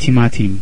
थिमाथि